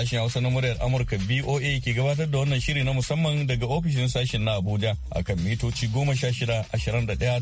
Sashen Hausa na muryar Amurka BOA ke gabatar da wannan shiri na musamman daga ofishin sashen na Abuja akan mitoci goma sha shida ashirin da da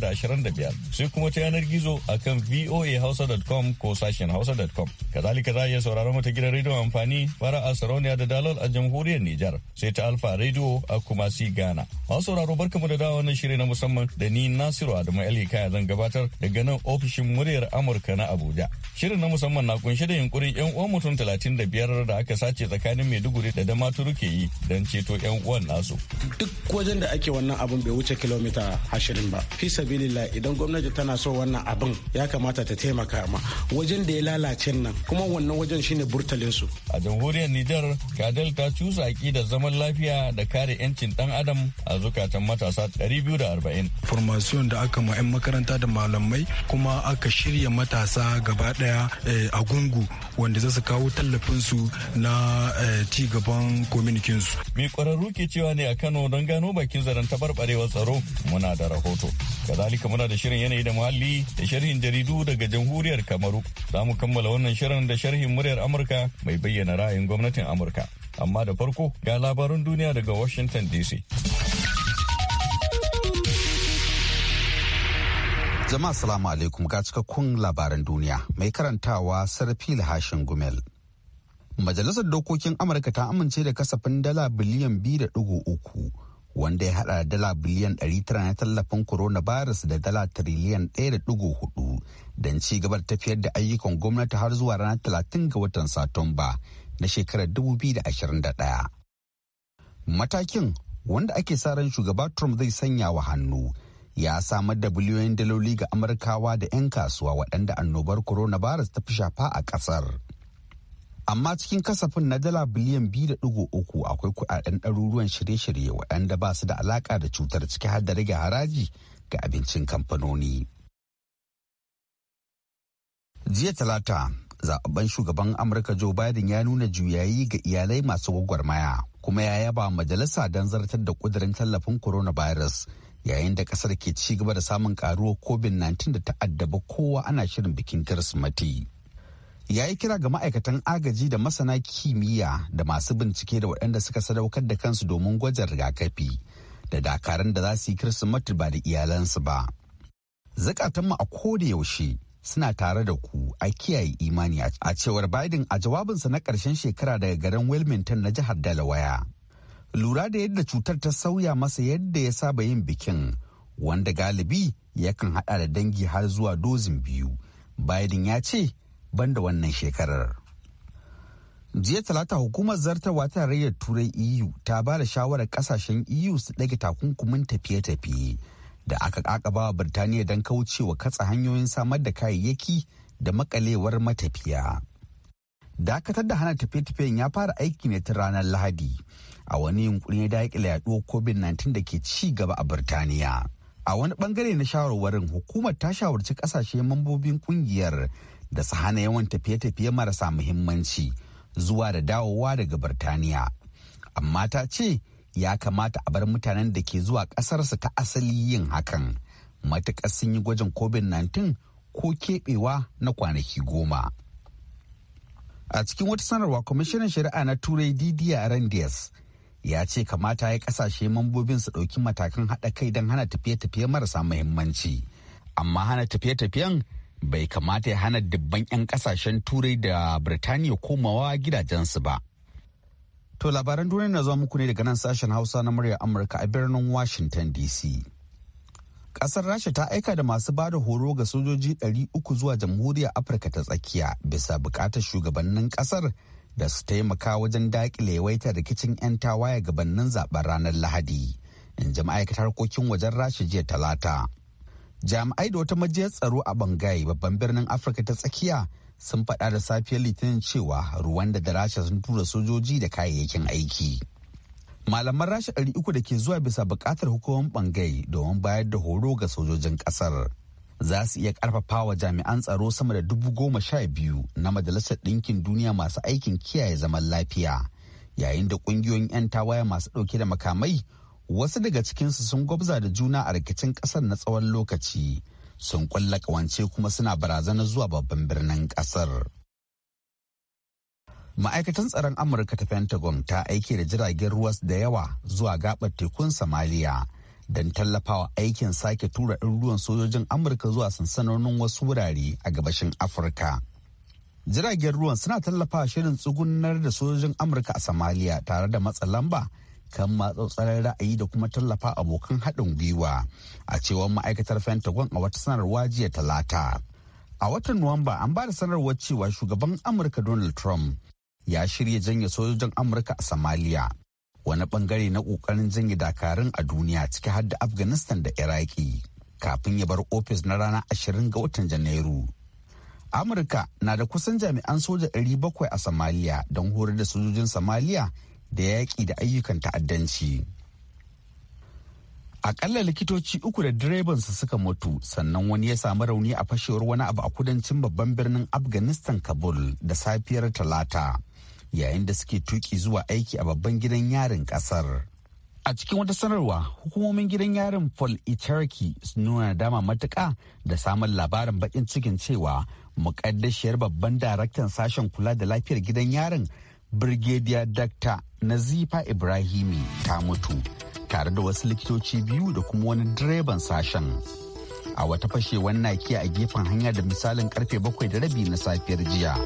biyar sai kuma ta yanar gizo akan voahausa.com ko sashen hausa.com. Kazalika za a iya sauraron mata gidan rediyo amfani bara a sarauniya da dalol a jamhuriyar Nijar sai ta Alfa rediyo a Kumasi Ghana. Masu sauraro barkamu da dawo wannan shiri na musamman da ni Nasiru Adamu Ali Kaya zan gabatar daga nan ofishin muryar Amurka na Abuja. Shirin na musamman na kunshe da yunkurin 'yan uwan mutum talatin da biyar da aka sa sace tsakanin maiduguri da damaturu ke yi don ceto yan uwan nasu duk wajen da ake wannan abun bai wuce kilomita ashirin ba fi sabilillah idan gwamnati tana so wannan abin ya kamata ta taimaka ma wajen da ya lalace nan kuma wannan wajen shine burtalin su a jamhuriyar nijar kadal ta cusa da zaman lafiya da kare yancin dan adam a zukatan matasa 240 formation da aka ma 'yan makaranta da malamai kuma aka shirya matasa gaba daya eh, a gungu wanda zasu kawo tallafin su na Eh, ci gaban su. mai kwararru ke cewa ne a Kano don gano bakin zaren tabarbarewar tsaro muna da rahoto. Kazalika muna da shirin yanayi da muhalli da sharhin jaridu daga jamhuriyar Kamaru. Za mu kammala wannan shirin da sharhin muryar Amurka mai bayyana ra'ayin gwamnatin Amurka. Amma da farko ga labaran duniya daga Washington DC. Jama'a salamu alaikum ga cikakkun labaran duniya mai karantawa Sarfil Hashin Gumel. Majalisar Dokokin Amurka ta amince da kasafin dala biliyan uku wanda ya hada dala biliyan 900 na tallafin coronavirus da dala triliyan 1.4 don ci gaba tafiyar da ayyukan gwamnati har zuwa ranar 30 ga watan Satumba na shekarar 2021. Matakin wanda ake sa ran shugaba Trump zai sanya wa hannu. ya samar da biliyoyin daloli ga amurkawa da 'yan kasuwa waɗanda annobar coronavirus ta fi shafa a ƙasar. amma cikin kasafin na dala biliyan da uku akwai kuɗaɗen ɗaruruwan shirye-shirye waɗanda ba su da alaƙa da cutar ciki har da rage haraji ga abincin kamfanoni. jiya talata zaɓaɓɓen shugaban amurka joe biden ya nuna juyayi ga iyalai masu gwagwarmaya kuma ya yaba majalisa don zartar da ƙudurin tallafin coronavirus yayin da ƙasar ke ci gaba da samun ƙaruwar covid-19 da ta'addaba kowa ana shirin bikin kirsimati. ya yi kira ga ma'aikatan agaji da masana kimiyya da masu bincike da waɗanda suka sadaukar da kansu domin gwajin rigakafi da dakaran da za su yi kirsimati ba da iyalansu ba. Zakatanmu a koda yaushe suna tare da ku a kiyaye imani a cewar Biden a jawabinsa na ƙarshen shekara daga garin Wilmington na jihar Delaware. Lura da yadda cutar ta sauya masa yadda ya saba yin bikin wanda galibi yakan haɗa da dangi har zuwa dozin biyu. Biden ya ce da wannan shekarar. jiya talata hukumar zartarwa ta tarayyar turai eu ta ba da shawarar kasashen eu su ɗage takunkumin tafiye-tafiye da aka kakaba wa birtaniya don kaucewa katsa hanyoyin samar da kayayyaki da makalewar matafiya dakatar da hana tafiye-tafiyen ya fara aiki ne ta ranar lahadi a wani yunkuri ya daƙila yaduwar covid-19 da ke ci gaba a birtaniya a wani ɓangare na shawarwarin hukumar ta shawarci kasashe mambobin ƙungiyar. da su hana yawan tafiye-tafiye marasa muhimmanci zuwa da dawowa daga Birtaniya. Amma ta ce ya kamata a bar mutanen da ke zuwa ƙasarsu ta asali yin hakan. Matuƙar sun yi gwajin COVID-19 ko keɓewa na kwanaki goma. A cikin wata sanarwa kwamishinan shari'a na Turai Didiya Rendias ya ce kamata ya ƙasashe mambobin su ɗauki matakan haɗa kai don hana tafiye-tafiye marasa muhimmanci. Amma hana tafiye-tafiyen bai kamata ya hana dubban 'yan kasashen turai da birtaniya komawa gidajensu ba to labaran duniya na zuwa muku ne daga nan sashen hausa na murya amurka a birnin washington dc kasar rasha ta aika da masu ba da horo ga sojoji uku zuwa jamhuriyar afirka ta tsakiya bisa bukatar shugabannin kasar da su taimaka wajen dakile yawaitar rikicin 'yan tawaye gabanin zaben ranar lahadi in ji ma'aikatar harkokin wajen rasha jiya talata jami'ai da wata majiyar tsaro a bangai babban birnin afirka ta tsakiya sun faɗa da safiyar litinin cewa ruwan da rasha sun tura sojoji da kayayyakin aiki malaman rasha ɗari uku da ke zuwa bisa buƙatar hukumar bangai domin bayar da horo ga sojojin ƙasar za su iya wa jami'an tsaro sama da dubu goma sha biyu na majalisar ɗinkin duniya masu aikin kiyaye zaman lafiya yayin da ƙungiyoyin 'yan tawaye masu ɗauke da makamai wasu daga cikinsu sun gwabza da juna a rikicin kasar na tsawon lokaci sun kulla kawance kuma suna barazana zuwa babban birnin kasar ma'aikatan tsaron amurka ta pentagon ta aiki da jiragen ruwa da yawa zuwa gabar tekun somalia don tallafawa aikin sake tura ɗin ruwan sojojin amurka zuwa sansanonin wasu wurare a gabashin afirka jiragen ruwan suna tallafawa shirin tsugunar da sojojin amurka a somalia tare da matsa lamba kan matsatsarar ra'ayi da kuma tallafa abokan haɗin gwiwa a cewar ma'aikatar pentagon a wata sanarwa jiya talata a watan nuwamba an ba da sanarwar cewa shugaban amurka donald trump ya shirya janye sojojin amurka a somalia wani bangare na kokarin janye dakarun a duniya ciki har da afghanistan da iraki kafin ya bar ofis na rana ashirin ga watan janairu amurka na da kusan jami'an soja 700 a somalia don horar da sojojin somalia da yaƙi da ayyukan ta'addanci. Akalla likitoci uku da direbansu suka mutu sannan wani ya samu rauni a fashewar wani abu a kudancin babban birnin Afghanistan Kabul da safiyar Talata yayin da suke tuki zuwa aiki a babban gidan yarin kasar. A cikin wata sanarwa, hukumomin gidan yarin Paul Iterki sun nuna dama matuƙa da samun labarin bakin cikin cewa muƙaddashiyar babban daraktan sashen kula da lafiyar gidan yarin birgediya Dr. Nazifa Ibrahimi ta mutu tare da wasu likitoci biyu da kuma wani direban sashen. A wata fashewar naki a gefen hanya da misalin karfe bakwai da rabi na safiyar jiya.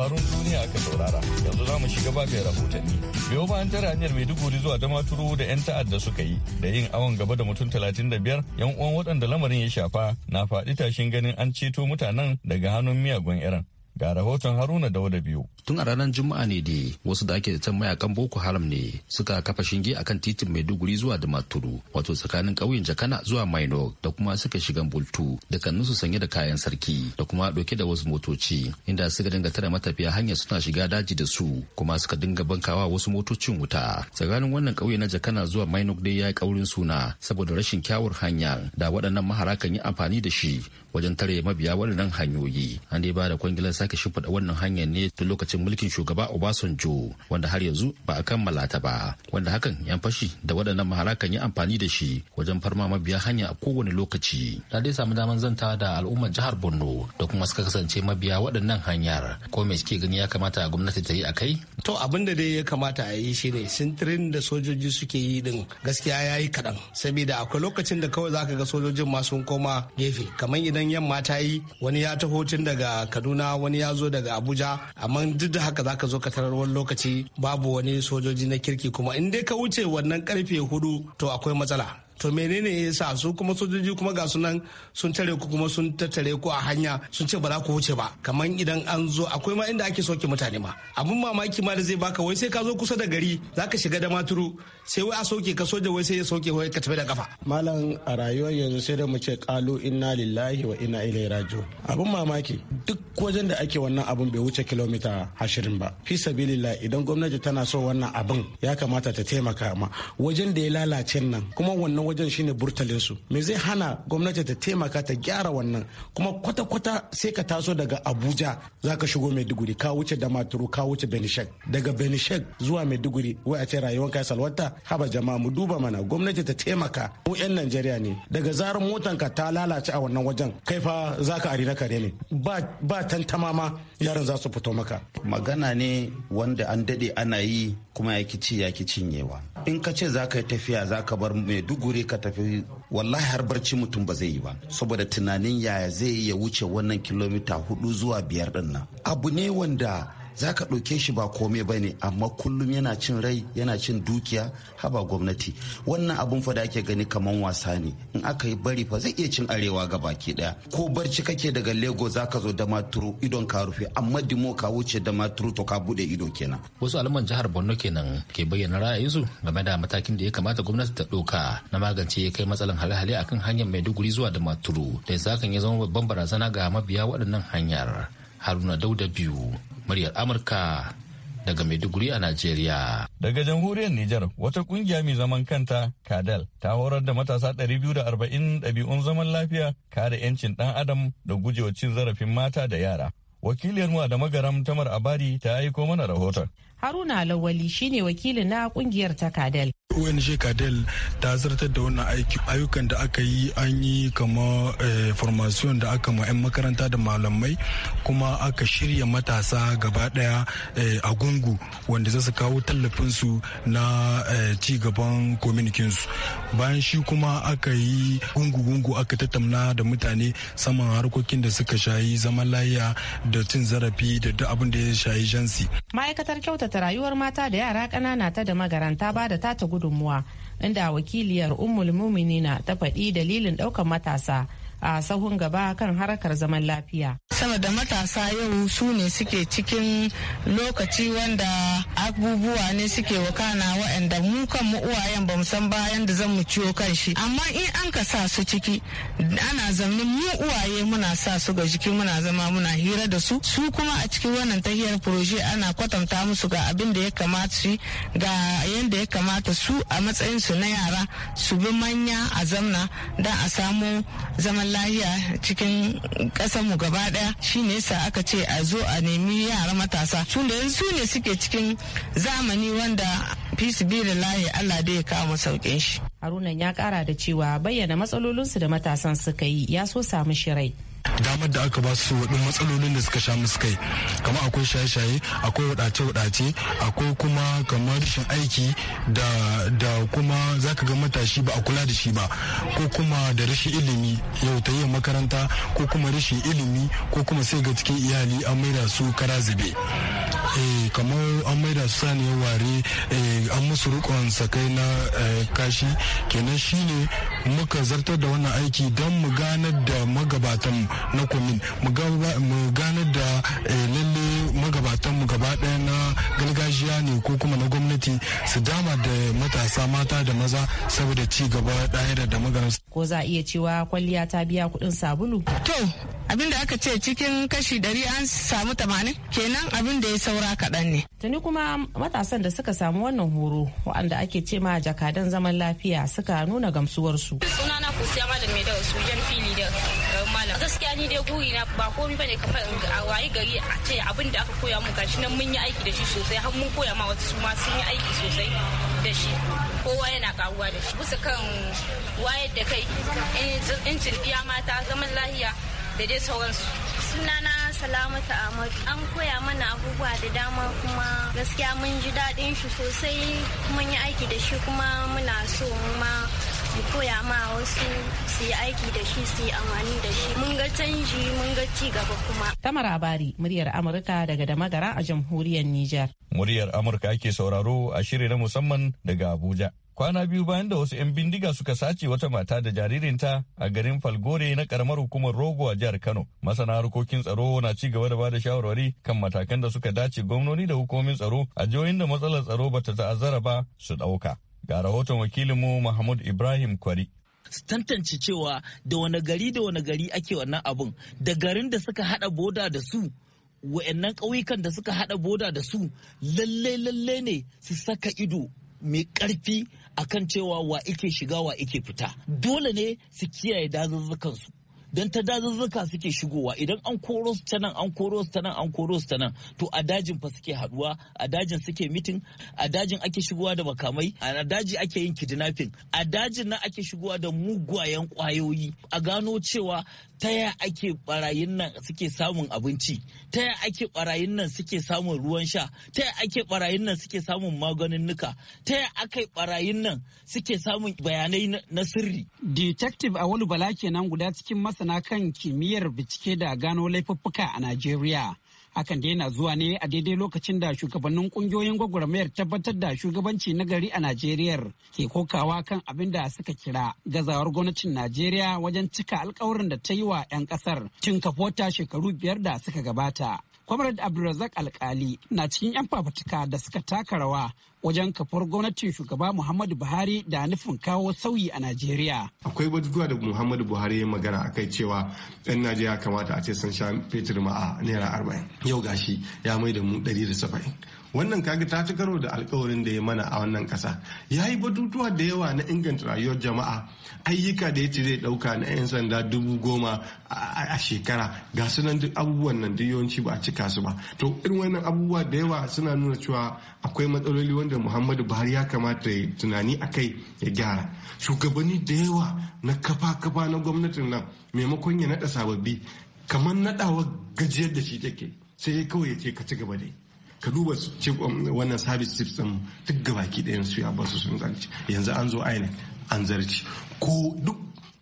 labarun duniya aka saurara yanzu za mu shiga ga rahotanni biyo bayan tare hanyar maiduguri zuwa turu da 'yan ta'adda suka yi da yin awon gaba da mutum talatin da biyar yan uwan waɗanda lamarin ya shafa na faɗi tashin ganin an ceto mutanen daga hannun miyagun irin. Ga rahoton Haruna Dauda biyu. Tun a ranar Juma'a ne da wasu da ake can mayakan Boko Haram ne suka kafa shinge akan titin Maiduguri zuwa Damaturu wato tsakanin ƙauyen Jakana zuwa Mainog da kuma suka shiga Bultu da su sanye da kayan sarki da kuma ɗauke da wasu motoci inda suka dinga tara matafiya hanyar suna shiga daji da su kuma suka dinga bankawa wasu motocin wuta. Tsakanin wannan ƙauye na Jakana zuwa Mainog dai ya yi kaurin suna saboda rashin kyawun hanya da waɗannan mahara kan yi amfani da shi wajen tare mabiya waɗannan hanyoyi. An dai ba da kwangilar aka shimfiɗa wannan hanyar ne tun lokacin mulkin shugaba Obasanjo wanda har yanzu ba a kammala ta ba wanda hakan ya fashi da waɗannan mahara kan yi amfani da shi wajen farma mabiya hanya a kowane lokaci. Na dai samu daman zanta da al'ummar jihar Borno da kuma suka kasance mabiya waɗannan hanyar ko me suke gani ya kamata gwamnati ta yi a kai? To abin da dai ya kamata a yi shine sintirin da sojoji suke yi din gaskiya ya yi kaɗan saboda akwai lokacin da kawai zaka ga sojojin ma sun koma gefe kamar idan yamma ta yi wani ya taho tun daga Kaduna wani ya zo daga abuja amma duk da haka zaka zo ka tarar wani lokaci babu wani sojoji na kirki kuma in dai ka wuce wannan karfe hudu to akwai matsala to menene ya sa su kuma sojoji kuma ga sunan sun tare ku kuma sun tattare ku a hanya sun ce ba za ku wuce ba kamar idan an zo akwai ma inda ake soke mutane ma abun mamaki ma da zai baka wai sai ka zo kusa da gari za ka shiga da maturu sai wai a soke ka soja wai sai ya soke wai ka tafi da kafa malam a rayuwar yanzu sai da mu ce kalu inna lillahi wa inna ilaihi raji'un abun mamaki duk wajen da ake wannan abun bai wuce kilomita ashirin ba fi sabilillah idan gwamnati tana so wannan abun ya kamata ta taimaka ma wajen da ya lalace nan kuma wannan wajen shine burtalin su me zai hana gwamnati ta taimaka ta gyara wannan kuma kwata-kwata sai ka taso daga abuja za ka shigo maiduguri ka wuce damaturu ka wuce benishek daga benishek zuwa maiduguri wai a ce rayuwar kai salwata haba jama'a mu duba mana gwamnati ta taimaka mu yan najeriya ne daga zarar motan ka ta lalace a wannan wajen kai fa za ka ari na kare ne ba tantama ma yaran za su fito maka magana ne wanda an dade ana yi kuma ya ci ya ki cinyewa in ka ce za ka yi tafiya za ka bar maiduguri gobe ka tafi wallahi har barci mutum ba zai yi ba saboda tunanin yaya zai ya wuce wannan kilomita hudu zuwa biyar ɗin nan abu ne wanda za ka ɗauke shi ba komai ba ne amma kullum yana cin rai yana cin dukiya haba gwamnati wannan abun fa da ake gani kamar wasa ne in aka yi bari fa zai iya cin arewa ga baki daya ko barci kake daga lego za ka zo da maturu idon ka rufe amma dimo ka wuce da maturu to ka bude ido kenan wasu alman jihar borno kenan ke bayyana ra'ayinsu game da matakin da ya kamata gwamnati ta ɗauka na magance ya kai matsalan hale-hale akan hanyar maiduguri zuwa da maturu da zakan ya zama babban barazana ga mabiya waɗannan hanyar haruna dauda biyu muryar amurka daga Maiduguri a Najeriya. Daga jamhuriyar Nijar, wata kungiya mai zaman kanta, Kadal, ta horar da matasa 240 ɗabi'un zaman lafiya, kare 'yancin ɗan adam da gujewa cin zarafin mata da yara. Wakiliyar mu da magaram Tamar Abari ta aiko mana rahoton. Haruna Lawali shine wakili na kungiyar ta Kadal. ONG Cadel ta zartar da wannan aiki ayyukan da aka yi an yi kama eh, formation da aka ma 'yan makaranta da malamai kuma aka shirya matasa gaba daya eh, a gungu wanda zasu su kawo su na eh, ci gaban kominikinsu bayan shi kuma aka yi gungu-gungu aka tattauna da mutane saman harkokin da suka shayi zaman layya da cin zarafi da duk abin da ya shayi jansi ma'aikatar kyautata rayuwar mata da yara ƙanana ta da magaranta ba da tata gudunmuwa inda wakiliyar ummul muminina ta faɗi dalilin ɗaukar matasa a sahun gaba kan harkar zaman lafiya. saboda matasa yau su ne suke cikin lokaci wanda abubuwa ne suke wakana wa'anda mu kan muuwayen uwayen ba san bayan da zan mu ciwo kan shi amma in an ka sa su ciki ana zaune mu uwaye muna sa su ga jiki muna zama muna hira da su su kuma a cikin wannan tahiyar proje ana kwatanta musu ga abin da ya kamata su ga yadda ya kamata su a matsayin su na yara su bi manya a zamna don a samu zaman lahiya cikin ƙasar mu gaba daya shine yasa aka ce a zo a nemi yara matasa su da su ne suke cikin zamani wanda lahi Allah dai ya kawo saukin shi. Haruna ya kara da cewa bayyana matsalolinsu da matasan suka yi ya so samu shirai. damar da aka ba su waɗin matsalolin da suka sha muskai kai kamar akwai shaye-shaye akwai wadace-wadace akwai kuma kamar rashin aiki da kuma zaka ga matashi ba a kula da shi ba ko kuma da rashin ilimi yau ta yi makaranta ko kuma rashin ilimi ko kuma sai ga cikin iyali an maida su kara zube Eh, kamar an maida su saniya ware eh, an musu rikon sakai na eh, kashi kenan shine muka zartar da wannan aiki don mu ganar da magabatan na komin mu ganar da lalle magabatan mu gaba daya na gargajiya ne ko kuma na gwamnati su dama da matasa mata da maza saboda ci gaba ɗaya da maganar ko za a iya cewa kwalliya ta biya kuɗin sabulu to abin da aka ce cikin kashi ɗari an samu tamanin kenan abin da ya saura kaɗan ne. Tuni kuma matasan da suka samu wannan horo waɗanda ake ce ma jakadan zaman lafiya suka nuna gamsuwarsu. Sunana Kusiya Malam Mai Dawa yan Fili da Malam. Gaskiya ni dai guri na ba komai bane ka a wayi gari a ce abin da aka koya mu gashi nan mun yi aiki da shi sosai har mun koya ma wasu ma sun yi aiki sosai da shi. Kowa yana karuwa da shi. Bisa kan wayar da kai incin iya mata zaman lahiya da dai sauransu sunana salamatu ahmad an koya mana abubuwa da dama kuma gaskiya mun ji daɗin shi sosai mun yi aiki da shi kuma muna so ma mu koya ma wasu su yi aiki da shi su yi amfani da shi mun ga canji mun ga ci gaba kuma tamar abari muryar amurka daga damagara a jamhuriyar niger muryar amurka ake sauraro a shiri na musamman daga abuja kwana biyu bayan da wasu 'yan bindiga suka sace wata mata da jaririnta a garin falgore na karamar hukumar rogo a jihar kano masana harkokin tsaro na ci gaba da bada shawarwari kan matakan da suka dace gwamnoni da hukumomin tsaro a jihohin da matsalar tsaro bata ta'azzara ba su ɗauka ga rahoton wakilinmu mahmud ibrahim kwari su tantance cewa da wani gari da wani gari ake wannan abun da garin da suka hada boda da su wa'annan ƙauyukan da suka hada boda da su lallai lallai ne su saka ido mai karfi. akan cewa wa ike shiga wa ike fita dole ne su kiyaye dazuzzukansu don ta dazuzzuka suke shigowa idan an koro su nan an koro su nan an koro su nan to a dajin fa suke haduwa a dajin suke mitin a dajin ake shigowa da makamai a daji ake yin kidnapping a dajin na ake shigowa da mugwayen kwayoyi a gano cewa taya ya ake barayin nan suke samun abinci ta ya ake barayin nan suke samun ruwan sha ta ya ake barayin nan suke samun maganin ta ya ake barayin nan suke samun bayanai na sirri detective wani bala kenan guda cikin masana kan kimiyyar bincike da gano laifuffuka a najeriya hakan da yana zuwa ne a daidai lokacin da shugabannin kungiyoyin gwagwarmayar tabbatar da shugabanci na gari a najeriya ke kokawa kan abin da suka kira gazawar gwamnatin najeriya wajen cika alkawarin da ta yi wa 'yan kasar cin kafota shekaru biyar da suka gabata Comrade Abdulrazak Alkali na cikin 'yan fafutuka da suka taka rawa wajen kafar gwamnatin shugaba Muhammadu Buhari da nufin kawo sauyi a Najeriya. Akwai batutuwa da Muhammadu Buhari ya magana kai cewa 'yan Najeriya kamata a ce sun sha fetur ma a naira arba'in. Yau gashi ya mai da mu ɗari da saba'in. wannan kaga ta ci karo da alkawarin da ya mana a wannan kasa ya yi batutuwa da yawa na inganta rayuwar jama'a ayyuka da ya ci zai dauka na 'yan sanda dubu goma a shekara ga su nan duk abubuwan nan da yawanci ba a cika su ba to irin wannan abubuwa da yawa suna nuna cewa akwai matsaloli wanda muhammadu buhari ya kamata ya tunani a kai ya gyara shugabanni da yawa na kafa-kafa na gwamnatin nan maimakon ya naɗa sababbi kamar naɗawa gajiyar da shi take sai kawai ya ce ka ci gaba dai ka duba um, wannan service tips din duk ki ɗayan su ya basu sun zarci yanzu an zo aini an zarci ko duk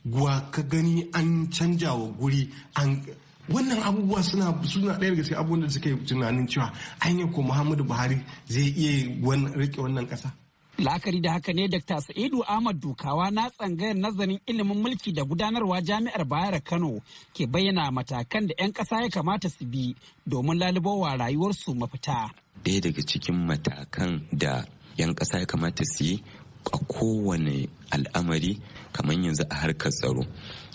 guwa ka gani an canja wa guri an wannan abubuwa suna suna ɗaya daga cikin abubuwan da suka yi tunanin cewa an ko muhammadu buhari zai iya rike wannan ƙasa La'akari da haka ne Dr. Sa'idu Ahmad Dukawa na tsangayar nazarin ilimin mulki da gudanarwa jami'ar Bayar Kano ke bayyana matakan da 'yan ƙasa ya kamata su bi domin lalubawa rayuwarsu mafita. daya daga cikin matakan da 'yan ƙasa ya kamata su yi a kowane al'amari kamar yanzu a harkar tsaro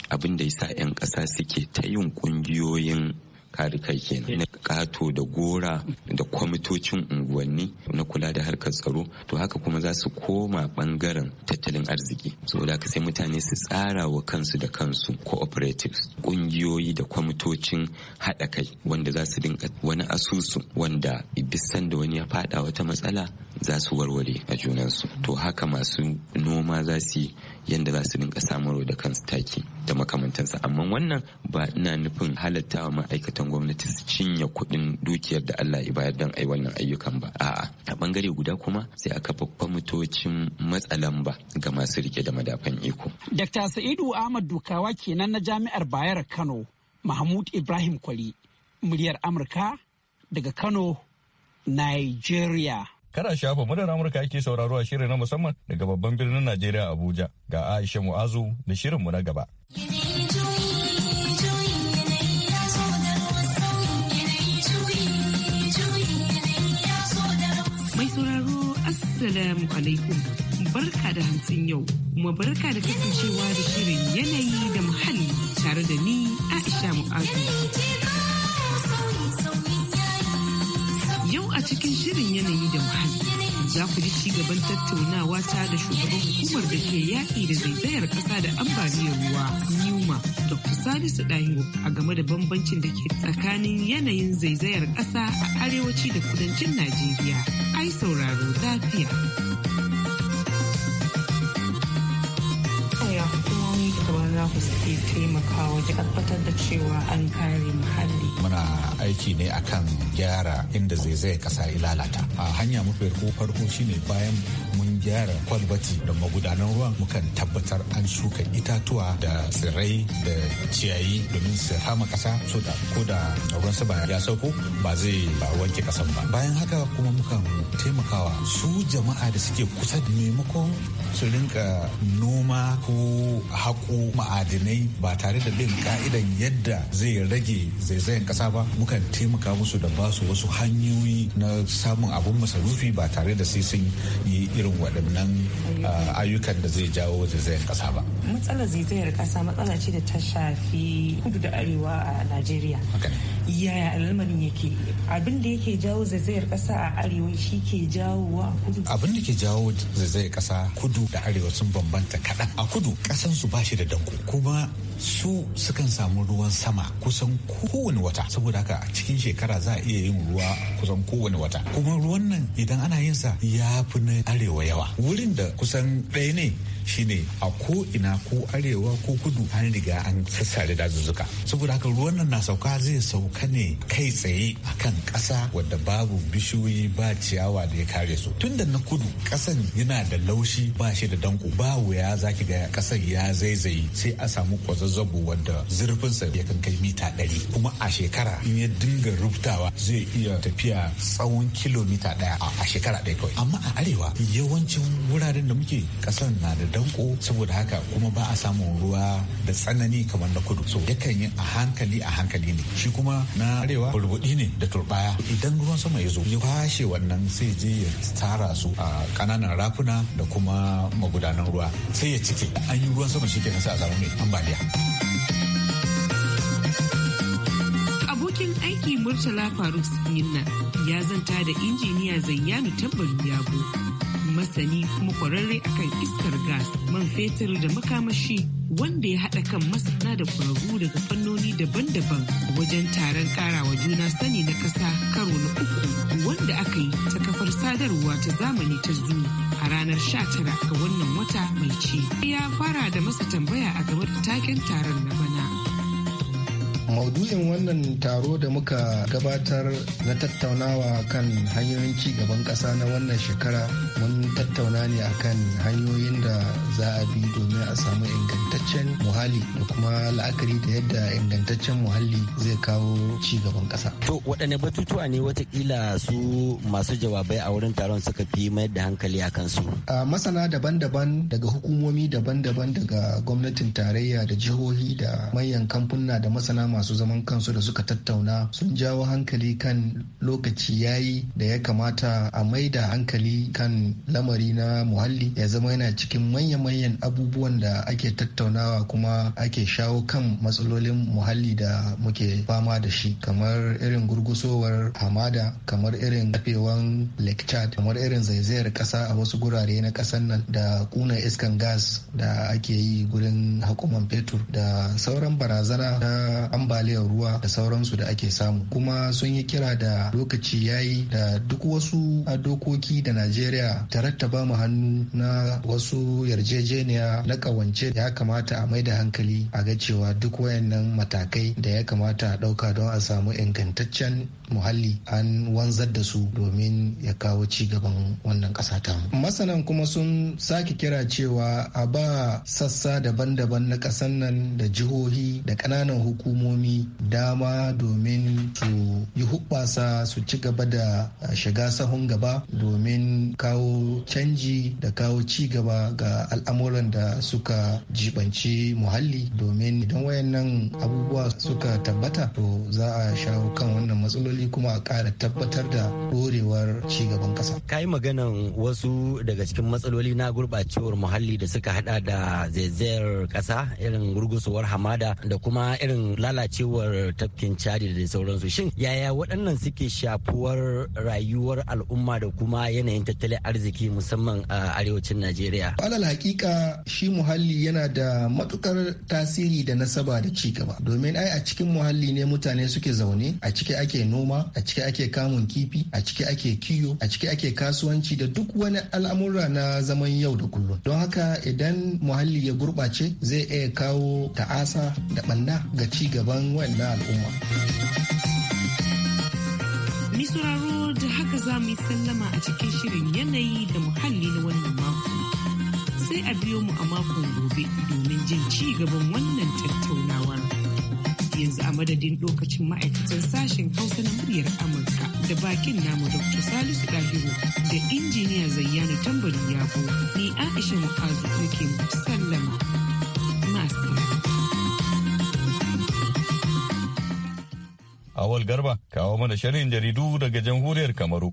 abin da ya sa 'yan ƙasa suke ta yin ƙungiyoyin kai kenan na kato da gora da kwamitocin unguwanni na kula da harkar tsaro to haka kuma za su koma bangaren tattalin arziki saboda ka sai mutane su tsara wa kansu da kansu cooperatives kungiyoyi da kwamitocin haɗa kai wanda za su dinka wani asusu wanda bisan da wani ya faɗa wata matsala za su warware a junansu to haka masu noma za su yanda yadda za su dinka samarwa da kansu taki da makamantansa amma wannan ba ina nufin halatta ma'aikatan ma'aikatan gwamnati su cinye kuɗin dukiyar da Allah ya bayar don ai wannan ayyukan ba a'a a bangare guda kuma sai aka mutocin matsalan ba ga masu rike da madafan iko Dr. Sa'idu Ahmad Dukawa kenan na Jami'ar Bayar Kano Mahmud Ibrahim Kwali muryar Amurka daga Kano Nigeria Kana shafa muryar Amurka ake sauraro a shirin na musamman daga babban birnin Najeriya Abuja ga Aisha Mu'azu da shirinmu na gaba. Assalamu alaikum. Barka da hantsin yau, kuma barka da kasancewa da shirin yanayi da muhalli tare da ni Aisha Mu'azu. Yau a cikin shirin yanayi da muhalli. za ku ji ci gaban tattaunawa ta da shugaban hukumar da ke yaƙi da zaizayar ƙasa da ambaliyar ruwa newma dr salisu ɗahiru a game da bambancin da ke tsakanin yanayin zaizayar ƙasa a arewaci da kudancin najeriya ai sauraro lafiya Allahu suke taimakawa wajen tabbatar da cewa an kare muhalli. Muna aiki ne akan gyara inda zaizayar kasa lalata. A hanya mafi ko farko shine bayan mun gyara kwalbati da magudanan ruwan mukan tabbatar an shuka itatuwa da tsirrai da ciyayi domin su hama kasa so da ko da ruwan sama ya sauko ba zai ba wanke kasan ba. Bayan haka kuma mukan taimakawa su jama'a da suke kusa da maimakon su rinka noma ko haƙo ma'a ma'adinai ba tare da bin ka'idan yadda zai rage zaizayen kasa ba mukan taimaka musu da ba su wasu hanyoyi na samun abun masarufi ba tare da sai sun yi irin waɗannan ah, ayyukan da zai jawo zaizayen kasa ba. Matsalar zaizayar kasa matsala ce da ta shafi kudu da arewa a Najeriya. Yaya al'amarin yake abin da yake jawo zaizayar kasa a arewa shi ke jawo a kudu. Abin da ke jawo zaizayar kasa kudu da arewa sun bambanta kaɗan. A kudu kasansu ba shi da danko kuma su sukan samu ruwan sama kusan kowane wata saboda haka a cikin shekara za a iya yin ruwa kusan kowane wata kuma ruwan nan idan ana yin sa ya fi na arewa yawa wurin da kusan ɗaya ne shine a ko ina ko arewa ko kudu an riga an sassare dazuzzuka saboda haka ruwan nan na sauka zai sauka ne kai tsaye akan ƙasa wadda babu bishiyoyi ba ciyawa da ya kare su tun da na kudu ƙasan yana da laushi ba shi da danko ba wuya zaki ga ƙasar ya zaizayi sai a samu kwazazzabu wanda zurfinsa ya kan kai mita ɗari kuma a shekara in ya dinga rubutawa. zai iya tafiya tsawon kilomita ɗaya a shekara ɗaya kawai amma a arewa yawancin wuraren da muke ƙasan na da danko saboda haka kuma ba a samun ruwa da tsanani kamar na kudu so yakan yi a hankali a hankali ne shi kuma na arewa burbuɗi ne da turbaya idan ruwan sama ya zo ya kwashe wannan sai je ya tara su a ƙananan rafuna da kuma magudanan ruwa sai ya cike an yi ruwan sama shi kenan sai a samu mai ambaliya. Abokin aiki Murtala Faruk Minna ya zanta da injiniya Zayyanu Tabbalu Yabo, masani kuma kwararre akan iskar gas, man fetur da makamashi wanda ya haɗa kan masana da kwararru daga fannoni daban-daban wajen taron karawa juna sani na ƙasa karo na uku wanda aka yi ta kafar sadarwa ta zamani ta zuwa. a ranar 19 ga wannan wata mai ci. Ya fara da masa tambaya a game da taken taron na bana. Maudu'in wannan taro da muka gabatar na tattaunawa kan hanyoyin ci gaban ƙasa na wannan shekara mun tattauna ne a kan hanyoyin da za a bi domin a samu ingantaccen muhalli da kuma la'akari da yadda ingantaccen muhalli zai kawo ci gaban ƙasa. To waɗanne batutuwa ne watakila su masu jawabai a wurin taron suka fi mayar da hankali a kansu? A masana daban-daban daga hukumomi daban-daban daga gwamnatin tarayya da jihohi da manyan kamfuna da masana masu masu zaman kansu da suka tattauna sun jawo hankali kan lokaci yayi da ya kamata a maida hankali kan lamari na muhalli ya zama yana cikin manya-manyan abubuwan da ake tattaunawa kuma ake shawo kan matsalolin muhalli da muke fama da shi kamar irin gurgusowar hamada kamar irin kafewan lake chad kamar irin zaizayar kasa a wasu gurare na kasan nan da kuna iskan gas da ake yi gurin hakuman fetur da sauran barazana ta ambaliyar ruwa da sauransu da ake samu kuma sun yi kira da lokaci yayi da duk wasu ah, dokoki da najeriya ta rattaba mu hannu na wasu yarjejeniya na kawance ya kamata a mai da hankali a ga cewa duk wayannan matakai da ya kamata a ɗauka don a samu ingantaccen muhalli an wanzar da su domin ya kawo ci gaban wannan kasa ta masanan kuma sun sake kira cewa a ba sassa daban-daban na kasan nan da jihohi da ƙananan hukumomi dama domin su yi hubbasa su ci gaba da shiga sahun gaba domin kawo canji da kawo ci gaba ga al'amuran da suka jibanci muhalli domin idan wayannan abubuwa suka tabbata to za a shawo kan wannan matsaloli hankali kuma a kara tabbatar da dorewar cigaban kasa. Ka yi maganan wasu daga cikin matsaloli na gurɓacewar muhalli da suka hada da zaizayar ƙasa irin gurgusuwar hamada da kuma irin lalacewar tafkin cadi da sauransu. Shin yaya waɗannan suke shafuwar rayuwar al'umma da kuma yanayin tattalin arziki musamman a arewacin Najeriya? Alal hakika shi muhalli yana da matukar tasiri da nasaba da cigaba. Domin ai a cikin muhalli ne mutane suke zaune, a ciki ake no noma a ciki ake kamun kifi a ciki ake kiyo a ciki ake kasuwanci da duk wani al'amura na zaman yau da kullum don haka idan muhalli ya gurɓace zai iya kawo ta'asa da ɓanna ga ci gaban wannan al'umma. Mai da haka za mu yi sallama a cikin shirin yanayi da muhalli na wannan mako. Sai a biyo mu a makon gobe domin jin ci gaban wannan tattaunawa. yanzu a madadin lokacin ma'aikatan sashen hausa na muryar amurka da bakin namu dr salisu dahiru da injiniya zayyana tambari yabo ni aisha mu'azu nake sallama Awal Garba kawo mana shirin jaridu daga jamhuriyar Kamaru.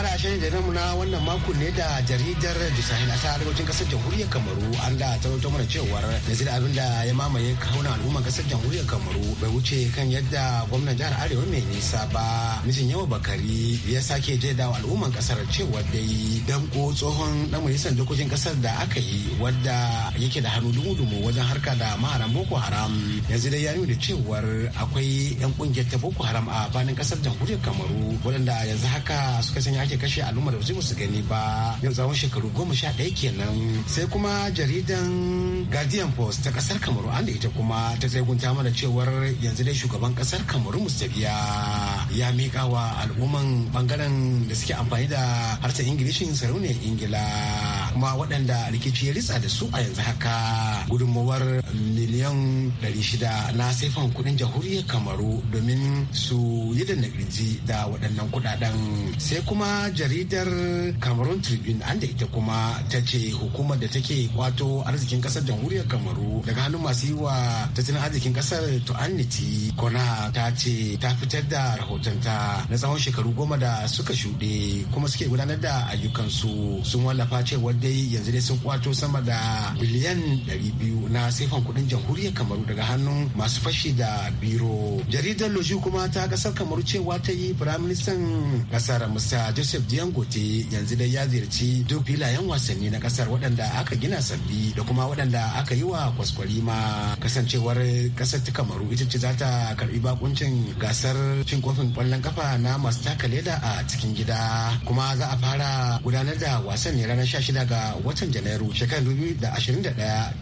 fara shirin da na wannan makon ne da jaridar Dusahila ta arewacin kasar jamhuriyar Kamaru an da ta mana cewar yanzu da abin da ya mamaye kauna al'umman kasar jamhuriyar Kamaru bai wuce kan yadda gwamnan jihar Arewa mai nisa ba mijin yawa bakari ya sake da al'umman kasar cewar dai danko tsohon dan majalisar dokokin kasar da aka yi wadda yake da hannu dumu-dumu wajen harka da maharan Boko Haram yanzu dai ya nuna cewar akwai 'yan kungiyar ta Boko Haram a banin kasar jamhuriyar Kamaru waɗanda yanzu haka suka sanya ake kashe al'umma da ba su gani ba yau tsawon shekaru goma sha ɗaya kenan sai kuma jaridan guardian post ta kasar kamaru an da ita kuma ta tsegunta mana cewar yanzu dai shugaban kasar kamaru mustabiya ya miƙa wa al'umman bangaren da suke amfani da harshen ingilishin sarauniyar ingila kuma waɗanda rikici ya ritsa da su a yanzu haka gudunmawar miliyan ɗari shida na saifan kuɗin jamhuriyar kamaru domin su yi da da waɗannan kuɗaɗen sai kuma jaridar cameroon tribune an da ita kuma ta ce hukumar da take kwato arzikin kasar jamhuriyar kamaru daga hannun masu yi wa tattalin arzikin kasar tu'anniti kona ta ce ta fitar da rahotonta na tsawon shekaru goma da suka shuɗe kuma suke gudanar da ayyukansu sun wallafa cewa dai yanzu dai sun kwato sama da biliyan 200 na sifan kuɗin jamhuriyar kamaru daga hannun masu fashi da biro jaridar loji kuma ta kasar kamaru cewa ta yi firaministan kasar musa joseph diangote yanzu dai ya ziyarci duk filayen wasanni na kasar waɗanda aka gina sabbi da kuma waɗanda aka yi wa kwaskwari ma kasancewar kasar ta kamaru ita ce za ta karbi bakuncin gasar cin kofin ƙwallon kafa na masu taka leda a cikin gida kuma za a fara gudanar da wasan ne ranar 16 ga watan janairu shekarar 2021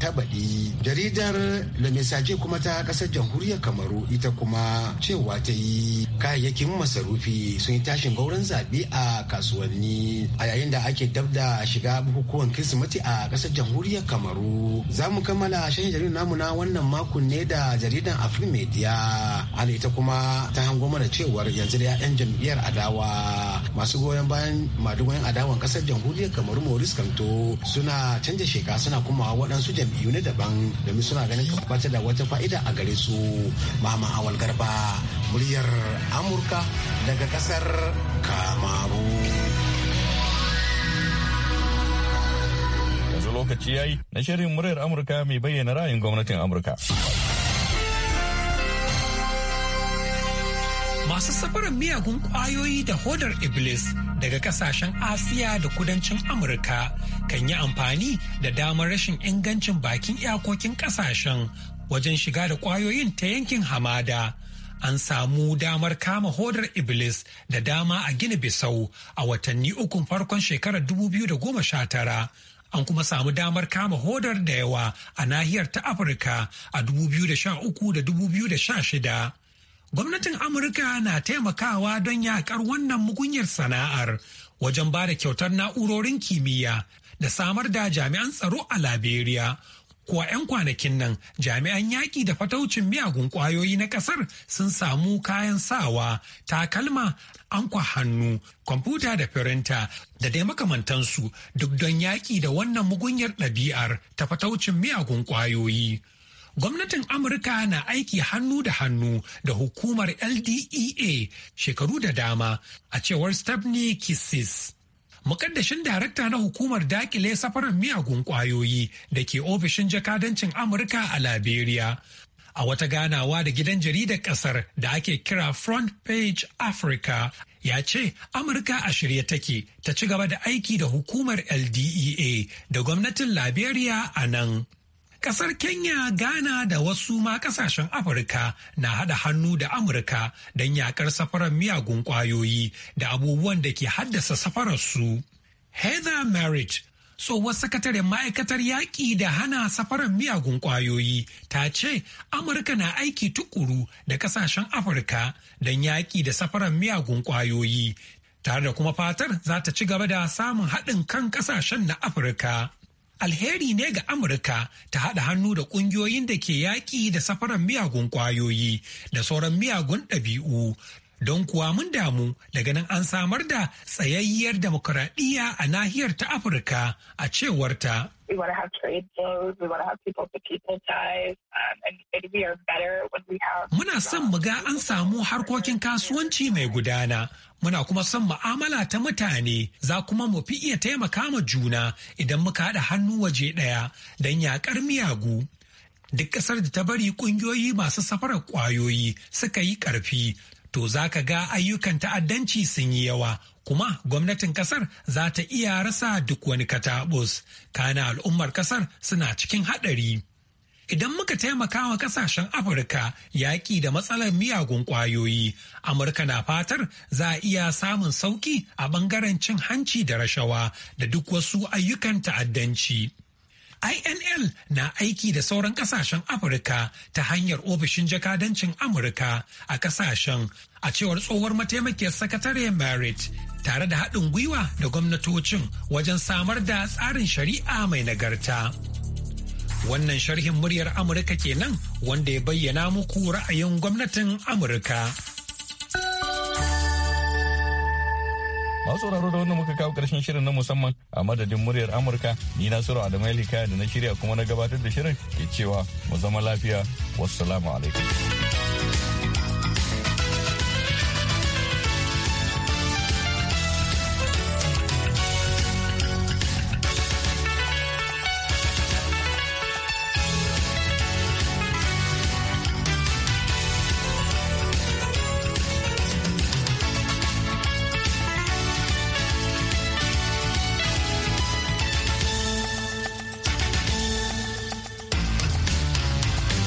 ta baɗi jaridar da mesaje kuma ta kasar jamhuriyar kamaru ita kuma cewa ta yi kayayyakin masarufi sun yi tashin gauran zaɓe a a kasuwanni a yayin da ake dab da shiga bukukuwan kirsimati a kasar jamhuriyar kamaru za mu kammala shahin jaridar namu na wannan makon ne da jaridar afirka media hali ita kuma ta hango mana cewar yanzu da 'yan jam'iyyar adawa masu goyon bayan madugoyin adawan kasar jamhuriyar kamaru maurice kanto suna canja sheka suna kuma waɗansu jam'iyyu na daban domin suna ganin kamfata da wata fa'ida a gare su mama awal garba muryar amurka daga kasar kamaru yanzu lokaci yayi na shirin muryar amurka mai bayyana ra'ayin gwamnatin amurka masu safarin miyagun kwayoyi da hodar iblis daga kasashen asiya da kudancin amurka kan yi amfani da damar rashin ingancin bakin iyakokin kasashen wajen shiga da kwayoyin ta yankin hamada an samu damar kama hodar Iblis da dama a gina Bisau a watanni ukun farkon shekarar 2019. An kuma samu damar kama hodar da yawa a nahiyar ta Afirka a 2013 da 2016. Gwamnatin Amurka na taimakawa don yaƙar wannan mugunyar sana'ar wajen ba da kyautar na'urorin kimiyya da samar da jami'an tsaro a Liberia. kuwa 'yan kwanakin nan jami'an yaƙi da fataucin miyagun ƙwayoyi na ƙasar sun samu kayan sawa takalma ankwa hannu kwamfuta da firinta da dai makamantansu duk don yaƙi da wannan mugunyar ɗabi'ar ta fataucin miyagun ƙwayoyi gwamnatin amurka na aiki hannu da hannu da hukumar ldea shekaru da dama a cewar stephanie kissis mukaddashin darakta na hukumar dakile safaran miyagun kwayoyi da ke ofishin jakadancin amurka a liberia a wata ganawa da gidan jaridar kasar da ake kira front page africa ya ce amurka a shirye take ta ci gaba da aiki da hukumar ldea da gwamnatin liberia a nan Kasar Kenya, Ghana da wasu ma kasashen Afirka na haɗa hannu da Amurka don yaƙar safarar miyagun ƙwayoyi da abubuwan da ke haddasa safararsu. Heather Merritt, tsohuwar sakataren ma'aikatar yaƙi da hana safarar miyagun ƙwayoyi ta ce amurka na aiki tukuru da ƙasashen afirka don yaƙi da safarar miyagun ƙwayoyi tare da kuma fatar za ta ci gaba da samun haɗin kan ƙasashen na afirka alheri ne ga Amurka ta haɗa hannu da ƙungiyoyin da ke yaƙi da safaran miyagun ƙwayoyi da sauran miyagun ɗabi'u don kuwa mun damu daga nan an samar da tsayayyar demokuraɗiyya a nahiyar ta afirka a cewarta We Muna son mu ga an samu harkokin kasuwanci mai gudana, muna kuma son mu'amala ta mutane, za kuma mu fi iya taimaka ma juna idan muka haɗa hannu waje ɗaya don yaƙar miyagu. Duk ƙasar da ta bari ƙungiyoyi masu safarar ƙwayoyi suka yi ƙarfi to za ka ga ayyukan ta'addanci sun yi yawa kuma gwamnatin kasar za ta iya rasa duk wani katabus kana al'ummar kasar suna cikin haɗari. Idan muka taimaka wa kasashen Afirka yaƙi da matsalar miyagun ƙwayoyi, Amurka na fatar za a iya samun sauƙi a ɓangaren cin hanci da rashawa da duk wasu ayyukan ta'addanci. INL na aiki da sauran kasashen Afirka ta hanyar ofishin jakadancin Amurka a kasashen a cewar tsohuwar mataimakiyar sakatare Merit tare da haɗin gwiwa da gwamnatocin wajen samar da tsarin shari'a mai nagarta. Wannan sharhin muryar Amurka kenan wanda ya bayyana muku ra'ayin gwamnatin Amurka. masu sauraro da wannan muka kawo karshen shirin na musamman a madadin muryar amurka ni na sura adamu da na shirya kuma na gabatar da shirin ke cewa mu zama lafiya wassalamu alaikum